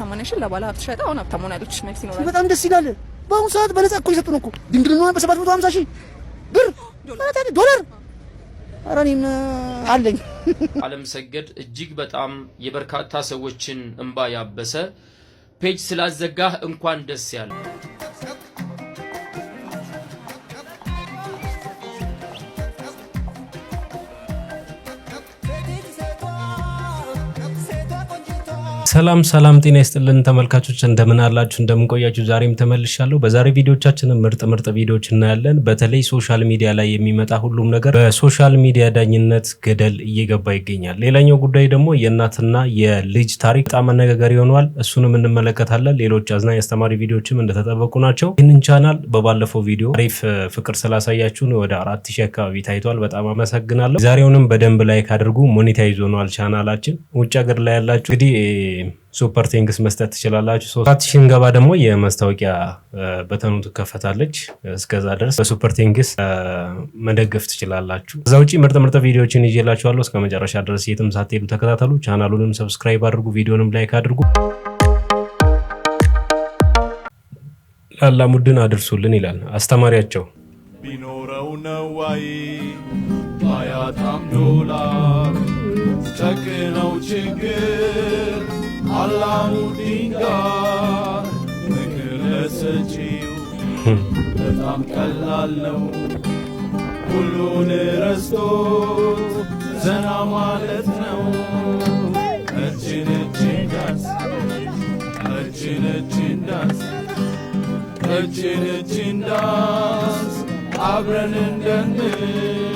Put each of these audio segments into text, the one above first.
ሰማንያሽን ለባለ ሀብት ሸጠ። አሁን ሀብታም ሆናለች። ይኖራል። በጣም ደስ ይላል። በአሁኑ ሰዓት እኮ እየሰጡ ነው እኮ በሰባት መቶ ሀምሳ ሺህ ብር ዶላር ኧረ እኔም አለኝ። አለም ሰገድ እጅግ በጣም የበርካታ ሰዎችን እንባ ያበሰ ፔጅ ስላዘጋህ እንኳን ደስ ያለ ሰላም ሰላም፣ ጤና ይስጥልን ተመልካቾች፣ እንደምን አላችሁ? እንደምን ቆያችሁ? ዛሬም ተመልሻለሁ። በዛሬ ቪዲዮቻችንን ምርጥ ምርጥ ቪዲዮዎች እናያለን። በተለይ ሶሻል ሚዲያ ላይ የሚመጣ ሁሉም ነገር በሶሻል ሚዲያ ዳኝነት ገደል እየገባ ይገኛል። ሌላኛው ጉዳይ ደግሞ የእናትና የልጅ ታሪክ በጣም አነጋጋሪ ሆኗል። እሱንም እንመለከታለን። ሌሎች አዝናኝ አስተማሪ ቪዲዮችም እንደተጠበቁ ናቸው። ይህንን ቻናል በባለፈው ቪዲዮ አሪፍ ፍቅር ስላሳያችሁን ወደ አራት ሺህ አካባቢ ታይቷል። በጣም አመሰግናለሁ። ዛሬውንም በደንብ ላይክ አድርጉ። ሞኔታይዝ ሆኗል ቻናላችን። ውጭ ሀገር ላይ ያላችሁ እንግዲህ ሱፐር ቴንግስ መስጠት ትችላላችሁ። አራት ሺህ ደግሞ የማስታወቂያ በተኑ ትከፈታለች። እስከዛ ድረስ በሱፐር ቴንግስ መደገፍ ትችላላችሁ። እዛ ውጭ ምርጥ ምርጥ ቪዲዮዎችን ይዤላችኋለሁ። እስከ መጨረሻ ድረስ የትም ሳትሄዱ ተከታተሉ። ቻናሉንም ሰብስክራይብ አድርጉ፣ ቪዲዮንም ላይክ አድርጉ። ላላሙድን አድርሱልን ይላል አስተማሪያቸው። ቢኖረው ነዋይ አያጣም ዶላር ጨቅነው ችግር አላሙ ጋር ምክር ለሰጪው በጣም ቀላል ነው። ሁሉን ረስቶ ዘና ማለት ነው። እችን እችን ዳንስ እችን እችን ዳንስ እችን እችን ዳንስ አብረን እንደንስ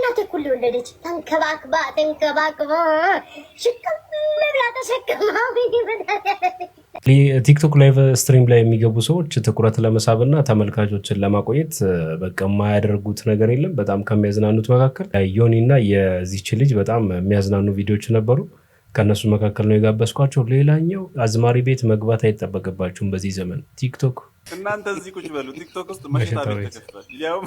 እናቴ እኮ የወለደች ተንከባክባ ተንከባክባ ሽቅም ብላ ተሸክማ ቲክቶክ ላይቭ ስትሪም ላይ የሚገቡ ሰዎች ትኩረት ለመሳብና ተመልካቾችን ለማቆየት በቃ የማያደርጉት ነገር የለም። በጣም ከሚያዝናኑት መካከል ዮኒ እና የዚች ልጅ በጣም የሚያዝናኑ ቪዲዮዎች ነበሩ። ከእነሱ መካከል ነው የጋበዝኳቸው። ሌላኛው አዝማሪ ቤት መግባት አይጠበቅባችሁም በዚህ ዘመን ቲክቶክ። እናንተ እዚህ ቁጭ በሉ። ቲክቶክ ውስጥ መሽታ ቤት ተከፍቷል።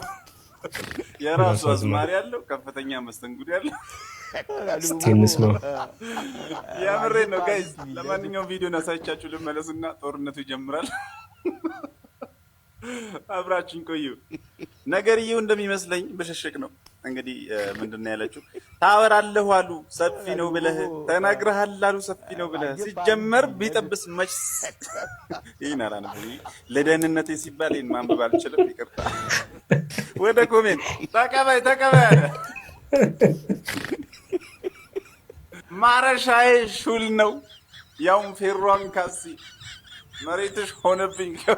የራሱ አዝማሪ ያለው ከፍተኛ መስተንጉድ ያለው ነው። የምሬ ነው ጋይዝ። ለማንኛውም ቪዲዮ ናሳይቻችሁ ልመለስና ጦርነቱ ይጀምራል። አብራችን ቆዩ። ነገርየው እንደሚመስለኝ በሸሸቅ ነው። እንግዲህ ምንድን ነው ያለችው ታወራለሁ አሉ ሰፊ ነው ብለህ ተናግረሃል አሉ ሰፊ ነው ብለህ ሲጀመር ቢጠብስ መች ይህን ለደህንነቴ ሲባል ይህን ማንበብ አልችልም ይቅርታ ወደ ኮሜንት ተቀበይ ተቀበይ አለ ማረሻዬ ሹል ነው ያውም ፌሯን ካሲ መሬትሽ ሆነብኝ ከ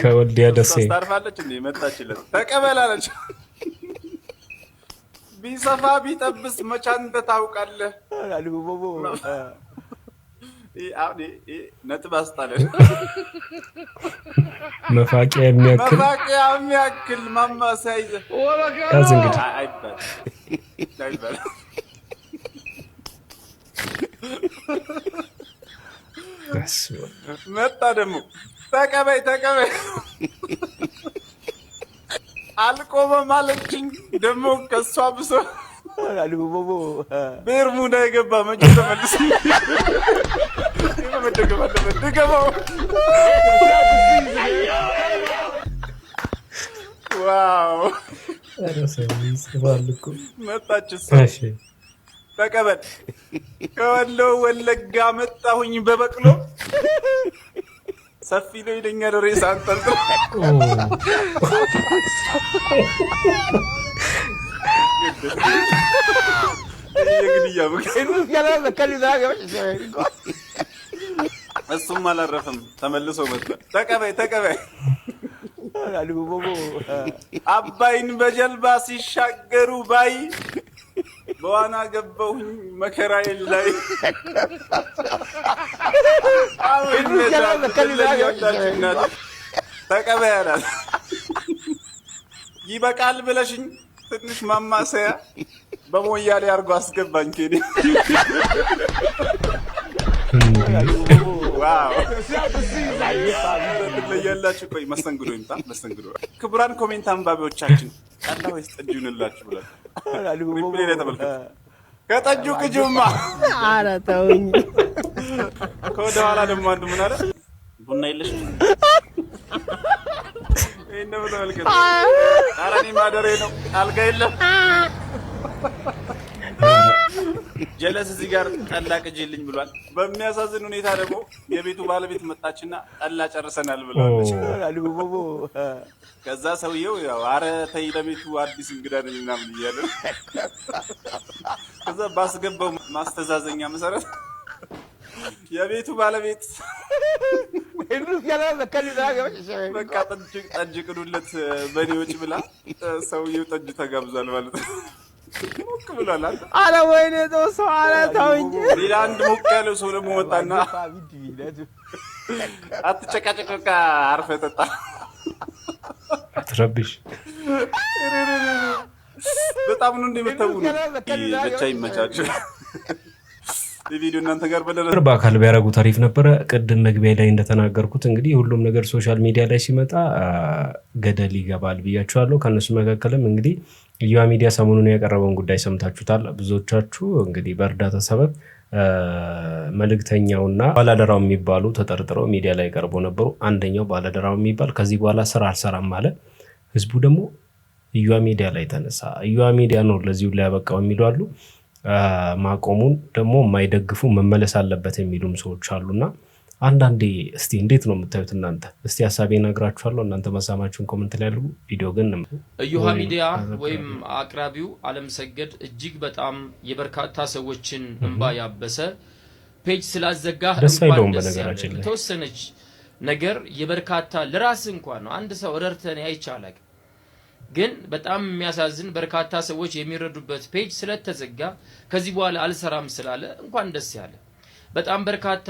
ከወልዲያ ደሴ ታርፋለች እንዴ መጣችለት ተቀበላለች። ቢሰፋ ቢጠብስ መቻን አንተ ታውቃለህ። ነጥብ አስጣለን። መፋቂያ የሚያክል መፋቂያ የሚያክል ማማሰያ ይዘህ ያዝ እንግዲህ መጣ ደግሞ ተቀበይ ተቀበይ አልቆመም አለችኝ። ደግሞ ከእሷ ብሶ ቤርሙዳ የገባ መቼ ተመልሶ መጣች ተቀበል ከወሎ ወለጋ መጣሁኝ በበቅሎ ሰፊ ነው ይለኛል። ሬሳ አንጠልጥሎ የግድያ እሱም አላረፈም። ተመልሶ መጣ። ተቀበይ ተቀበይ አባይን በጀልባ ሲሻገሩ ባይ በዋና ገባሁኝ መከራዬ ላይ ተቀበያ ይበቃል ብለሽኝ ትንሽ ማማሰያ በሞያሌ አርጎ አስገባኝ። ኬ ለያላችሁ ቆይ መስተንግዶ ይምጣ። መስተንግዶ ክቡራን ኮሜንት አንባቢዎቻችን ቀላ ወይስ ጠጅ ይሁንላችሁ ብላችሁ ከጠጁ ቅጅማ ኧረ ተውኝ። ከወደ ኋላ ደግሞ አንድ ምን አለ ቡና የለሽ ማደሬ ነው አልጋ የለም ጀለስ እዚህ ጋር ጠላ ቅጅልኝ ብሏል። በሚያሳዝን ሁኔታ ደግሞ የቤቱ ባለቤት መጣችና ጠላ ጨርሰናል ብለዋለች። ከዛ ሰውየው ያው አረ ተይ ለቤቱ አዲስ እንግዳ ነኝ ምናምን እያለ ከዛ ባስገባው ማስተዛዘኛ መሰረት የቤቱ ባለቤት በቃ ጠጅ ቅዱለት በእኔ ወጪ ብላ ሰውየው ጠጅ ተጋብዟል ማለት ነው። ሞቅ ብሏል። አለ ወይኔ ጦ ሰው አለ ተውኝ። ሌላ አንድ ሞቅ ያለው ሰው ደግሞ ወጣና አትጨቃጨቅ፣ በቃ አርፈህ ጠጣ አትረብሽ። በጣም ነው እንደመተቡ ነው። ብቻ ይመቻችሁ። ቪዲዮ እናንተ ጋር በአካል ቢያደርጉ ታሪፍ ነበረ። ቅድም መግቢያ ላይ እንደተናገርኩት እንግዲህ ሁሉም ነገር ሶሻል ሚዲያ ላይ ሲመጣ ገደል ይገባል ብያችኋለሁ። ከእነሱ መካከልም እንግዲህ እዩሃ ሚዲያ ሰሞኑን ያቀረበውን ጉዳይ ሰምታችሁታል። ብዙዎቻችሁ እንግዲህ በእርዳታ ሰበብ መልእክተኛውና ባላደራው የሚባሉ ተጠርጥረው ሚዲያ ላይ ቀርቦ ነበሩ። አንደኛው ባላደራው የሚባል ከዚህ በኋላ ስራ አልሰራም አለ። ህዝቡ ደግሞ እዩዋ ሚዲያ ላይ ተነሳ። እዩዋ ሚዲያ ነው ለዚሁ ላይ የሚሉ አሉ። ማቆሙን ደግሞ የማይደግፉ መመለስ አለበት የሚሉም ሰዎች አሉና አንዳንዴ እስቲ እንዴት ነው የምታዩት እናንተ? እስቲ ሀሳቤ እነግራችኋለሁ። እናንተ መሳማችሁን ኮመንት ላይ ያሉ ቪዲዮ ግን እዮሃ ሚዲያ ወይም አቅራቢው አለም ሰገድ እጅግ በጣም የበርካታ ሰዎችን እንባ ያበሰ ፔጅ ስላዘጋ ደስ አይለውም። በነገራችን ላይ ነገር የበርካታ ለራስ እንኳን ነው አንድ ሰው ረርተን አይቻላል። ግን በጣም የሚያሳዝን በርካታ ሰዎች የሚረዱበት ፔጅ ስለተዘጋ ከዚህ በኋላ አልሰራም ስላለ እንኳን ደስ ያለ በጣም በርካታ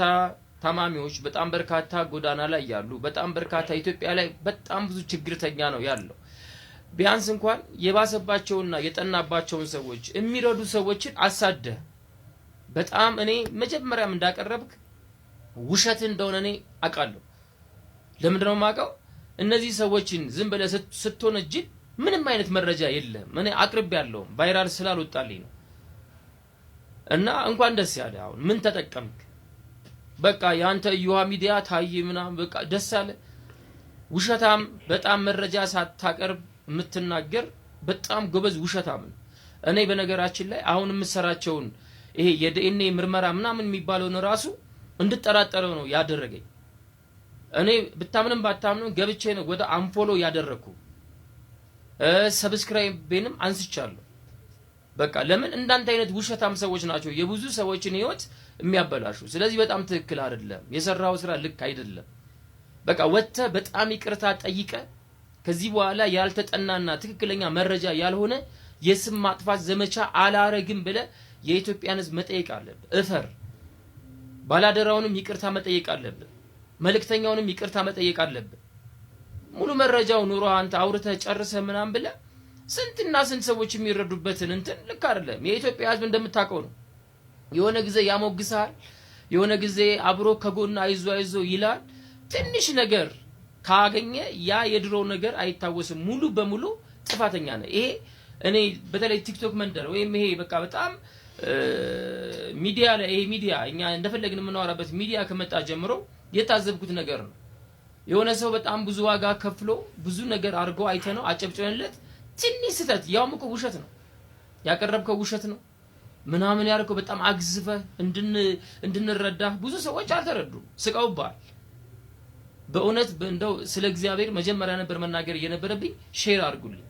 ታማሚዎች በጣም በርካታ ጎዳና ላይ ያሉ በጣም በርካታ ኢትዮጵያ ላይ በጣም ብዙ ችግርተኛ ነው ያለው። ቢያንስ እንኳን የባሰባቸውና የጠናባቸውን ሰዎች የሚረዱ ሰዎችን አሳደ በጣም እኔ መጀመሪያም እንዳቀረብክ ውሸት እንደሆነ እኔ አውቃለሁ። ለምንድን ነው የማውቀው? እነዚህ ሰዎችን ዝም ብለህ ስትሆን እጅ ምንም አይነት መረጃ የለም። እኔ አቅርቤ ያለውም ቫይራል ስላልወጣልኝ ነው። እና እንኳን ደስ ያለ። አሁን ምን ተጠቀምክ? በቃ ያንተ ዩሃ ሚዲያ ታይ ምናምን በቃ ደስ አለ። ውሸታም በጣም መረጃ ሳታቀርብ የምትናገር በጣም ጎበዝ ውሸታም ነው። እኔ በነገራችን ላይ አሁን የምሰራቸውን ይሄ የዲኤንኤ ምርመራ ምናምን የሚባለውን ራሱ እንድጠራጠረው ነው ያደረገኝ። እኔ ብታምንም ባታምንም ገብቼ ነው ወደ አንፎሎ ያደረግኩ። ሰብስክራይቤንም አንስቻለሁ። በቃ ለምን እንዳንተ አይነት ውሸታም ሰዎች ናቸው የብዙ ሰዎችን ህይወት የሚያበላሹ። ስለዚህ በጣም ትክክል አይደለም፣ የሰራው ስራ ልክ አይደለም። በቃ ወጥተ በጣም ይቅርታ ጠይቀ ከዚህ በኋላ ያልተጠናና ትክክለኛ መረጃ ያልሆነ የስም ማጥፋት ዘመቻ አላረግም ብለ የኢትዮጵያን ህዝብ መጠየቅ አለብን። እፈር ባላደራውንም ይቅርታ መጠየቅ አለብን። መልእክተኛውንም ይቅርታ መጠየቅ አለብ? ሙሉ መረጃው ኑሮ አንተ አውርተህ ጨርሰህ ምናምን ብለ ስንትና ስንት ሰዎች የሚረዱበትን እንትን ልክ አይደለም። የኢትዮጵያ ህዝብ እንደምታውቀው ነው። የሆነ ጊዜ ያሞግሳል፣ የሆነ ጊዜ አብሮ ከጎን አይዞ አይዞ ይላል። ትንሽ ነገር ካገኘ ያ የድሮ ነገር አይታወስም። ሙሉ በሙሉ ጥፋተኛ ነው። ይሄ እኔ በተለይ ቲክቶክ መንደር ወይም ይሄ በቃ በጣም ሚዲያ ላይ ይሄ ሚዲያ እኛ እንደፈለግን የምናወራበት ሚዲያ ከመጣ ጀምሮ የታዘብኩት ነገር ነው። የሆነ ሰው በጣም ብዙ ዋጋ ከፍሎ ብዙ ነገር አድርጎ አይተ ነው አጨብጭበንለት፣ ትንሽ ስህተት ያውም እኮ ውሸት ነው ያቀረብከው ውሸት ነው ምናምን ያልከው በጣም አግዝፈህ እንድንረዳህ ብዙ ሰዎች አልተረዱም፣ ስቀውባል። በእውነት እንደው ስለ እግዚአብሔር መጀመሪያ ነበር መናገር እየነበረብኝ። ሼር አድርጉልኝ።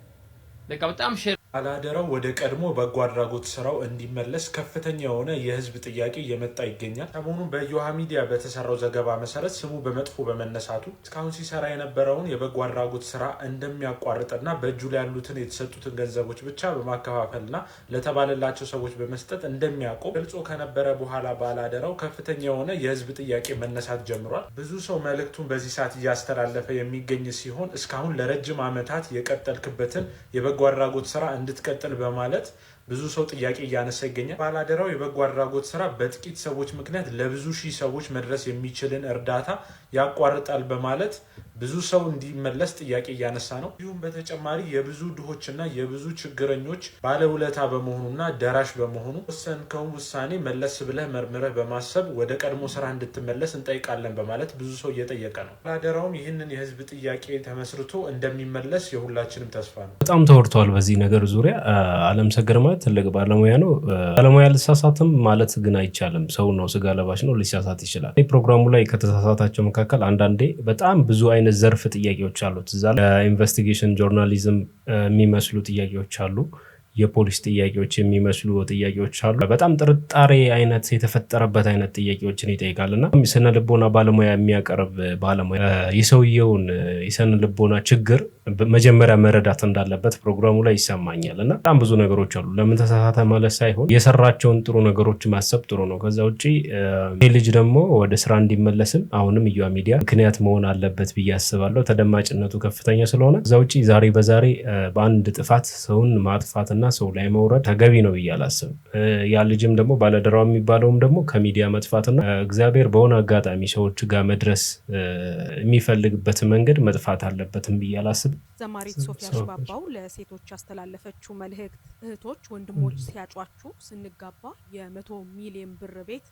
በቃ በጣም ሼር አላደራው ወደ ቀድሞ በጎ አድራጎት ስራው እንዲመለስ ከፍተኛ የሆነ የህዝብ ጥያቄ እየመጣ ይገኛል። ሰሞኑን በዮሃ ሚዲያ በተሰራው ዘገባ መሰረት ስሙ በመጥፎ በመነሳቱ እስካሁን ሲሰራ የነበረውን የበጎ አድራጎት ስራ እንደሚያቋርጥና በእጁ ላይ ያሉትን የተሰጡትን ገንዘቦች ብቻ በማከፋፈልና ለተባለላቸው ሰዎች በመስጠት እንደሚያቆም ገልጾ ከነበረ በኋላ ባላደራው ከፍተኛ የሆነ የህዝብ ጥያቄ መነሳት ጀምሯል። ብዙ ሰው መልእክቱን በዚህ ሰዓት እያስተላለፈ የሚገኝ ሲሆን እስካሁን ለረጅም ዓመታት የቀጠልክበትን የበጎ አድራጎት ስራ እንድትቀጥል በማለት ብዙ ሰው ጥያቄ እያነሳ ይገኛል። ባላደራው የበጎ አድራጎት ስራ በጥቂት ሰዎች ምክንያት ለብዙ ሺህ ሰዎች መድረስ የሚችልን እርዳታ ያቋርጣል በማለት ብዙ ሰው እንዲመለስ ጥያቄ እያነሳ ነው። እንዲሁም በተጨማሪ የብዙ ድሆችና የብዙ ችግረኞች ባለውለታ በመሆኑና ደራሽ በመሆኑ ወሰንከውን ውሳኔ መለስ ብለህ መርምረህ በማሰብ ወደ ቀድሞ ስራ እንድትመለስ እንጠይቃለን በማለት ብዙ ሰው እየጠየቀ ነው። ባላደራውም ይህንን የህዝብ ጥያቄ ተመስርቶ እንደሚመለስ የሁላችንም ተስፋ ነው። በጣም ተወርተዋል። በዚህ ነገር ዙሪያ አለምሰገድ ባለሙያ ትልቅ ባለሙያ ነው። ባለሙያ ልሳሳትም ማለት ግን አይቻልም። ሰው ነው፣ ስጋ ለባሽ ነው፣ ልሳሳት ይችላል። ፕሮግራሙ ላይ ከተሳሳታቸው መካከል አንዳንዴ በጣም ብዙ አይነት ዘርፍ ጥያቄዎች አሉት። እዛ ኢንቨስቲጌሽን ጆርናሊዝም የሚመስሉ ጥያቄዎች አሉ። የፖሊስ ጥያቄዎች የሚመስሉ ጥያቄዎች አሉ። በጣም ጥርጣሬ አይነት የተፈጠረበት አይነት ጥያቄዎችን ይጠይቃል እና ስነ ልቦና ባለሙያ የሚያቀርብ ባለሙያ የሰውየውን የስነ ልቦና ችግር መጀመሪያ መረዳት እንዳለበት ፕሮግራሙ ላይ ይሰማኛል እና በጣም ብዙ ነገሮች አሉ። ለምን ተሳሳተ ማለት ሳይሆን የሰራቸውን ጥሩ ነገሮች ማሰብ ጥሩ ነው። ከዛ ውጭ ይህ ልጅ ደግሞ ወደ ስራ እንዲመለስም አሁንም እያ ሚዲያ ምክንያት መሆን አለበት ብዬ አስባለሁ። ተደማጭነቱ ከፍተኛ ስለሆነ ከዛ ውጭ ዛሬ በዛሬ በአንድ ጥፋት ሰውን ማጥፋትና እና ሰው ላይ መውረድ ተገቢ ነው ብዬ አላስብም። ያ ልጅም ደግሞ ባለደራው የሚባለውም ደግሞ ከሚዲያ መጥፋትና እግዚአብሔር በሆነ አጋጣሚ ሰዎች ጋር መድረስ የሚፈልግበት መንገድ መጥፋት አለበትም ብዬ አላስብም። ዘማሪት ሶፊያ ሽባባው ለሴቶች ያስተላለፈችው መልእክት እህቶች፣ ወንድሞች ሲያጯችሁ ስንጋባ የመቶ ሚሊዮን ብር ቤት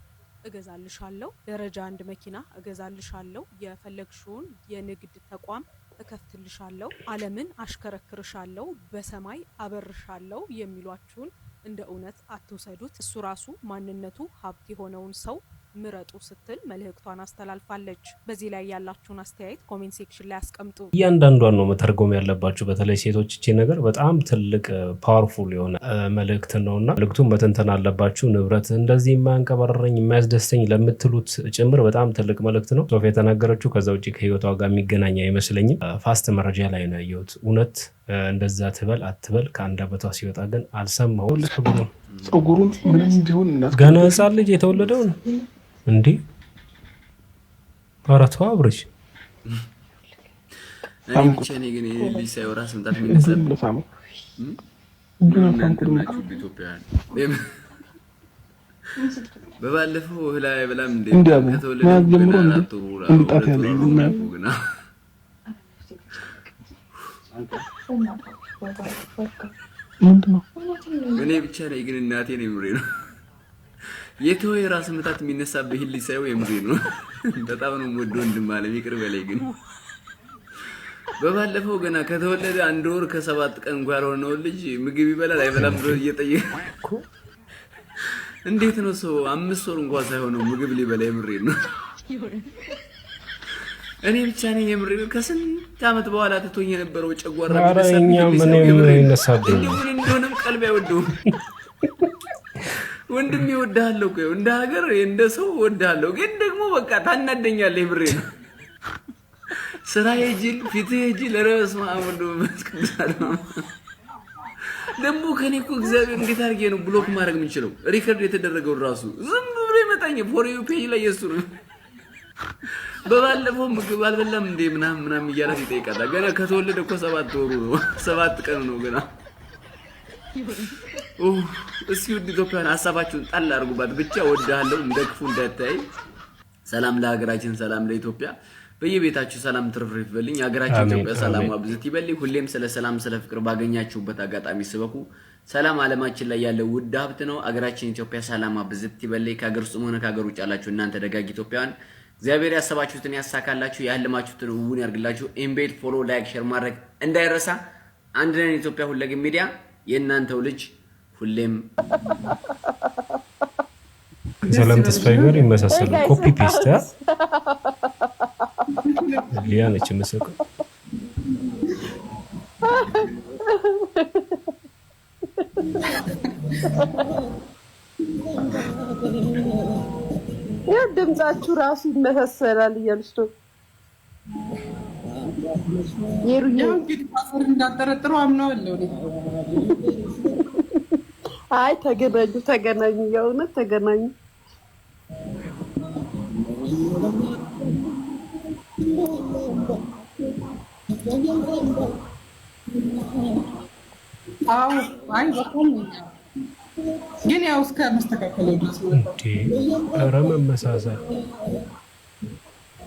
እገዛልሻለሁ፣ ደረጃ አንድ መኪና እገዛልሻለሁ፣ የፈለግሽውን የንግድ ተቋም እከፍትልሻለሁ፣ ዓለምን አሽከረክርሻለሁ፣ በሰማይ አበርሻለሁ የሚሏችሁን እንደ እውነት አትውሰዱት። እሱ ራሱ ማንነቱ ሀብት የሆነውን ሰው ምረጡ ስትል መልእክቷን አስተላልፋለች። በዚህ ላይ ያላችሁን አስተያየት ኮሜንት ሴክሽን ላይ አስቀምጡ እያንዳንዷን ነው መተርጎም ያለባችሁ። በተለይ ሴቶች እቺ ነገር በጣም ትልቅ ፓወርፉል የሆነ መልእክት ነው እና መልእክቱን መተንተን አለባችሁ። ንብረት እንደዚህ የማያንቀባረረኝ የሚያስደስተኝ ለምትሉት ጭምር በጣም ትልቅ መልእክት ነው ሶፊ የተናገረችው። ከዛ ውጭ ከህይወቷ ጋር የሚገናኝ አይመስለኝም። ፋስት መረጃ ላይ ነው ያየሁት። እውነት እንደዛ ትበል አትበል ከአንድ አበቷ ሲወጣ ግን አልሰማሁም። ፀጉሩን ምንም ቢሆን ገና ህፃን ልጅ የተወለደውን እንዴ አራት አብረሽ በባለፈው ላይ በላም እኔ ብቻ ነኝ ግን እናቴ ነው የምሬ ነው። የተወ የራስ ምታት የሚነሳብህ ልጅ ሳይው የሙዜ ነው። በጣም ነው ወዶ ወንድም አለም ይቅር በላይ ግን በባለፈው ገና ከተወለደ አንድ ወር ከሰባት ቀን እንኳ ያልሆነው ልጅ ምግብ ይበላል አይበላም ብሎ እየጠየቁ እንዴት ነው ሰው አምስት ወር እንኳ ሳይሆነው ምግብ ሊበላ? የምሬ ነው። እኔ ብቻ ነኝ የምሬ ነው። ከስንት ዓመት በኋላ ትቶኝ የነበረው ጨጓራ ምን እንደሆነም ቀልብ አይወደውም። ወንድም ይወዳለሁ እኮ እንደ ሀገር እንደ ሰው ወዳለሁ፣ ግን ደግሞ በቃ ታናደኛለህ። ብሬ ነው ስራ የጅል ፊት የጅል ረስ ማምዱ ደግሞ ከኔ እኮ እግዚአብሔር እንዴት አድርጌ ነው ብሎክ ማድረግ የምንችለው? ሪከርድ የተደረገውን ራሱ ዝም ብሎ ይመጣኝ ፎር ዩ ፔጅ ላይ የሱ ነው። በባለፈው ምግብ አልበላም እንዴ ምናምን ምናምን እያላት ይጠይቃል። ገና ከተወለደ እኮ ሰባት ወሩ ሰባት ቀኑ ነው ገና እስኪ ውድ ኢትዮጵያን ሀሳባችሁን ጣል አድርጉባት። ብቻ ወድሃለሁ፣ እንደ ክፉ እንዳታይ። ሰላም ለሀገራችን፣ ሰላም ለኢትዮጵያ። በየቤታችሁ ሰላም ትርፍርፍ ይበልኝ። ሀገራችን ኢትዮጵያ ሰላም አብዝት ይበልኝ። ሁሌም ስለ ሰላም፣ ስለ ፍቅር ባገኛችሁበት አጋጣሚ ስበኩ። ሰላም አለማችን ላይ ያለው ውድ ሀብት ነው። ሀገራችን ኢትዮጵያ ሰላም አብዝት ይበልኝ። ከሀገር ውስጥም ሆነ ከሀገር ውጭ ያላችሁ እናንተ ደጋግ ኢትዮጵያውያን እግዚአብሔር ያሰባችሁትን ያሳካላችሁ፣ ያለማችሁትን እውን ያርግላችሁ። ኢምቤድ ፎሎ፣ ላይክ፣ ሼር ማድረግ እንዳይረሳ። አንድ ነን ኢትዮጵያ ሁለገብ ሚዲያ የእናንተው ልጅ ሁሌም ሰላም ተስፋዬ ጋር ይመሳሰሉ። ኮፒ ፔስት ሊያ ነች የምትሰቀው። ያው ድምጻችሁ ራሱ ይመሳሰላል እያልሽ ነው። የሩኛ እንዳጠረጥሩ አምነዋለሁ። አይ ተገናኙ ተገናኙ፣ የእውነት ተገናኙ። አዎ አይ በጣም ግን ያው እስከ መስተካከል ድረስ ኧረ መመሳሰል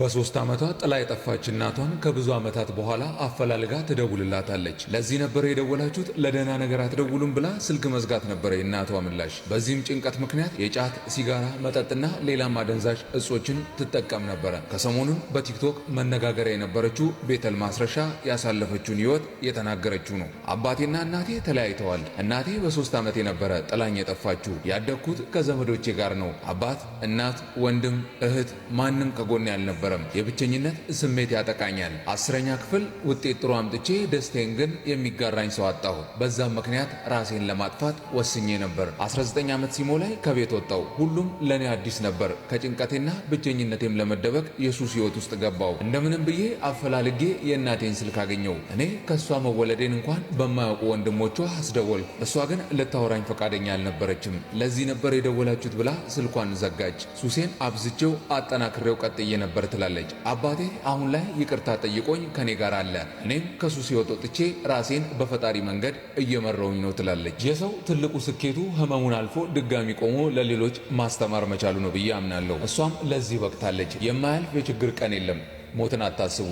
በሶስት ዓመቷ ጥላ የጠፋች እናቷን ከብዙ ዓመታት በኋላ አፈላልጋ ትደውልላታለች። ለዚህ ነበር የደወላችሁት ለደህና ነገር አትደውሉም ብላ ስልክ መዝጋት ነበረ የእናቷ ምላሽ። በዚህም ጭንቀት ምክንያት የጫት ሲጋራ፣ መጠጥና ሌላም አደንዛዥ እጾችን ትጠቀም ነበረ። ከሰሞኑን በቲክቶክ መነጋገሪያ የነበረችው ቤተል ማስረሻ ያሳለፈችውን ሕይወት የተናገረችው ነው። አባቴና እናቴ ተለያይተዋል። እናቴ በሶስት ዓመቴ ነበረ ጥላኝ የጠፋችሁ። ያደግኩት ከዘመዶቼ ጋር ነው። አባት፣ እናት፣ ወንድም፣ እህት ማንም ከጎን ያልነበረ አልነበረም። የብቸኝነት ስሜት ያጠቃኛል። አስረኛ ክፍል ውጤት ጥሩ አምጥቼ ደስቴን ግን የሚጋራኝ ሰው አጣሁ። በዛም ምክንያት ራሴን ለማጥፋት ወስኜ ነበር። 19 ዓመት ሲሞላኝ ከቤት ወጣው። ሁሉም ለእኔ አዲስ ነበር። ከጭንቀቴና ብቸኝነቴም ለመደበቅ የሱስ ሕይወት ውስጥ ገባው። እንደምንም ብዬ አፈላልጌ የእናቴን ስልክ አገኘው። እኔ ከእሷ መወለዴን እንኳን በማያውቁ ወንድሞቿ አስደወልኩ። እሷ ግን ልታወራኝ ፈቃደኛ አልነበረችም። ለዚህ ነበር የደወላችሁት ብላ ስልኳን ዘጋች። ሱሴን አብዝቼው አጠናክሬው ቀጥዬ ነበር ትላለች። አባቴ አሁን ላይ ይቅርታ ጠይቆኝ ከኔ ጋር አለ። እኔም ከሱስ ሕይወት ወጥቼ ራሴን በፈጣሪ መንገድ እየመራውኝ ነው ትላለች። የሰው ትልቁ ስኬቱ ህመሙን አልፎ ድጋሚ ቆሞ ለሌሎች ማስተማር መቻሉ ነው ብዬ አምናለሁ። እሷም ለዚህ በቅታለች። የማያልፍ የችግር ቀን የለም። ሞትን አታስቡ።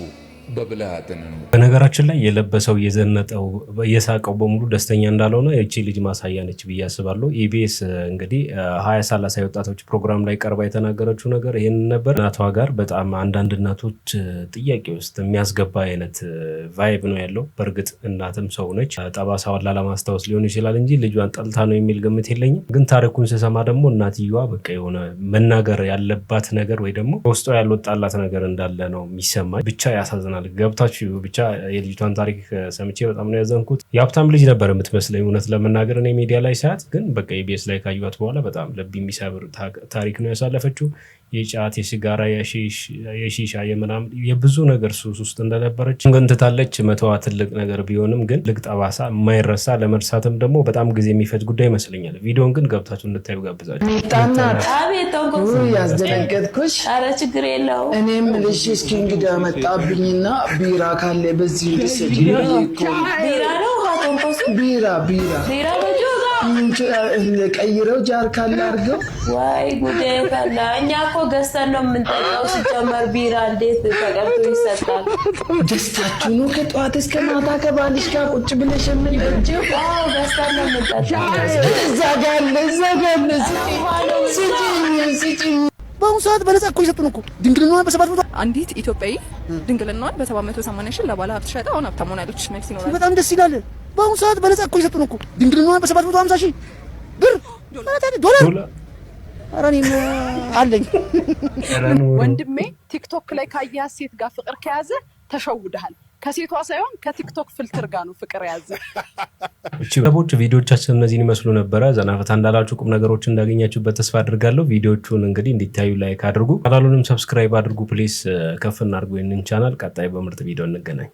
በነገራችን ላይ የለበሰው የዘነጠው የሳቀው በሙሉ ደስተኛ እንዳልሆነ እቺ ልጅ ማሳያ ነች ብዬ አስባለሁ። ኢቢኤስ እንግዲህ ሀያ ሰላሳ የወጣቶች ፕሮግራም ላይ ቀርባ የተናገረችው ነገር ይህን ነበር። እናቷ ጋር በጣም አንዳንድ እናቶች ጥያቄ ውስጥ የሚያስገባ አይነት ቫይብ ነው ያለው። በእርግጥ እናትም ሰው ነች፣ ጠባሳዋን ላለማስታወስ ሊሆን ይችላል እንጂ ልጇን ጠልታ ነው የሚል ግምት የለኝም። ግን ታሪኩን ስሰማ ደግሞ እናትየዋ በቃ የሆነ መናገር ያለባት ነገር ወይ ደግሞ በውስጧ ያልወጣላት ነገር እንዳለ ነው የሚሰማኝ። ብቻ ያሳዝናል። ይሆናል ገብታችሁ ብቻ የልጅቷን ታሪክ ሰምቼ በጣም ነው ያዘንኩት። የሀብታም ልጅ ነበር የምትመስለኝ እውነት ለመናገር እኔ ሚዲያ ላይ ሳያት ግን በቃ ኢቢኤስ ላይ ካዩት በኋላ በጣም ልብ የሚሰብር ታሪክ ነው ያሳለፈችው። የጫት የሲጋራ የሺሻ የምናምን የብዙ ነገር ሱስ ውስጥ እንደነበረች ገንትታለች። መተዋ ትልቅ ነገር ቢሆንም ግን ልቅ ጠባሳ የማይረሳ ለመርሳትም ደግሞ በጣም ጊዜ የሚፈጅ ጉዳይ ይመስለኛል። ቪዲዮን ግን ገብታችሁ እንድታዩ ጋብዛችሁ ያስደነገጥኩሽ። ኧረ ችግር የለው እኔም ልሽ እስኪ እንግዳ መጣብኝና ቢራ ካለ በዚህ ቢራ ነው ቢራ ቢራ ቀይረው ጃር ካለ አድርገው። ወይ ጉዴ! ፈላ እኛ እኮ ገዝተን ነው የምንጠጣው። ሲጀመር ቢራ እንዴት ተቀርቶ ይሰጣል? ደስታችሁ ነው ከጠዋት እስከ ማታ ከባልሽ ጋር ቁጭ ብለሽ የምንጠጀው። ገዝተን ነው የምንጠጣው። እዛ ጋለ እዛ ጋለ ስጭኝ በአሁኑ ሰዓት በነጻ እኮ ይሰጡን እኮ ድንግልናዋን በሰባት መቶ አንዲት ኢትዮጵያዊ ድንግልናዋን በሰባት መቶ ሰማንያ ሺህ ለባለ ሀብት ሸጣ አሁን ሀብታም ሆናለች። መልስ ይኖራል። በጣም ደስ ይላል። በአሁኑ ሰዓት በነፃ እኮ ነው እኮ ድንግልናዋን በሰባት መቶ ሀምሳ ሺህ ብር ዶላር አረኔ አለኝ ወንድሜ። ቲክቶክ ላይ ካያ ሴት ጋር ፍቅር ከያዘ ተሸውደሃል። ከሴቷ ሳይሆን ከቲክቶክ ፍልትር ጋር ነው ፍቅር የያዘ። ቦች ቪዲዮቻችን እነዚህን ይመስሉ ነበረ። ዘናፈታ እንዳላችሁ ቁም ነገሮች እንዳገኛችሁበት ተስፋ አድርጋለሁ። ቪዲዮቹን እንግዲህ እንዲታዩ ላይክ አድርጉ፣ ካናሉንም ሰብስክራይብ አድርጉ። ፕሊስ። ከፍ እናድርጉ ይህንን ቻናል። ቀጣይ በምርጥ ቪዲዮ እንገናኝ።